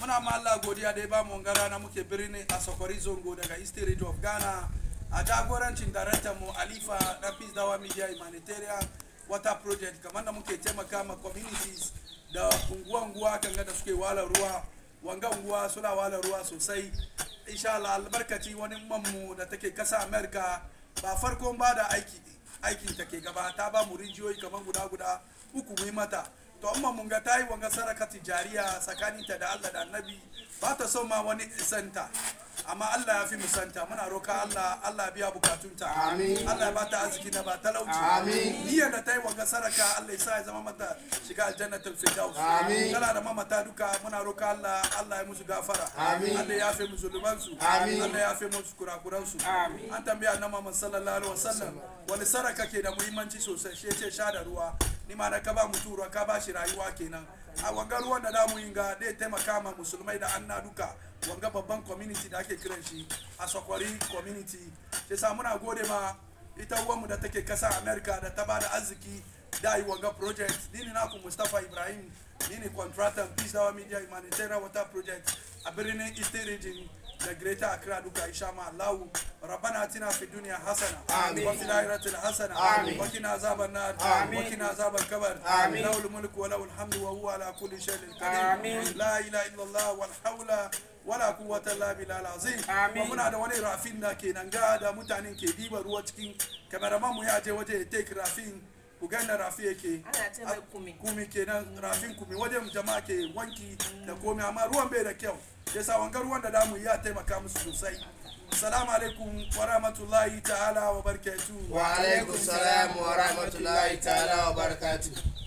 muna ma Allah godiya da ya mu gara na muke birni a Sokori Zongo daga East Region of Ghana a jagorancin daraktar mu Alifa na Peace Dawa Media Humanitarian Water Project kamar da muke taimaka ma communities da unguwa-unguwa kan da suke wala ruwa wanga unguwa suna wala ruwa sosai insha Allah albarkaci wani mammu da take kasa America ba farkon ba da aiki aikin take gaba ta ba mu rijiyoyi kamar guda guda uku mu mata to amma mun ga ta yi wanga saraka tijariya tsakaninta da Allah da annabi ba ta son ma wani santa amma Allah ya fi mu santa muna roka Allah Allah biya bukatunta amin Allah ya bata arziki na ba talauci amin niyyar da ta yi wanga saraka Allah ya sa ya zama mata shiga aljannatul firdaus amin kala da mamata duka muna roka Allah Allah ya musu gafara amin Allah ya fi musulman su amin Allah ya fi musu kurakuran su amin an tambaya annabi Muhammad sallallahu alaihi wasallam wani saraka ke da muhimmanci sosai shi ya ce sha da ruwa mara kaba mutura kaba shi rayuwa kenan a wanda da muinga de tema kama musulmai da annaduka duka wanga babban community da ake kiran shi a community sai sa muna gode ma ita mu da take kasa america da ta bada arziki da yi wanga project ni ne naku mustapha ibrahim ni ne contractor peace our media humanitarian water project a birnin eastern region da Greater Accra duka insha ma Allah rabbana atina fid dunya hasana wa fil akhirati hasana wa qina azaban nar wa qina azaban kabar lahul mulku wa lahul hamdu wa huwa ala kulli shay'in qadir la ilaha illa Allah wal hawla wala quwwata illa billahil azim amin muna da wani rafin da kenan ga da mutanen ke diba ruwa cikin kameraman mu ya je waje ya take rafin ku ganda rafi yake ah, kumi kenan rafin kumi wajen jama'a ke wanki da komi amma ruwan bai da kyau ya sa wangar ruwan da damu ya taimaka musu sosai Assalamu alaikum wa rahmatullahi ta'ala wa barakatuh. Wa alaikum salam wa rahmatullahi ta'ala wa barakatuh.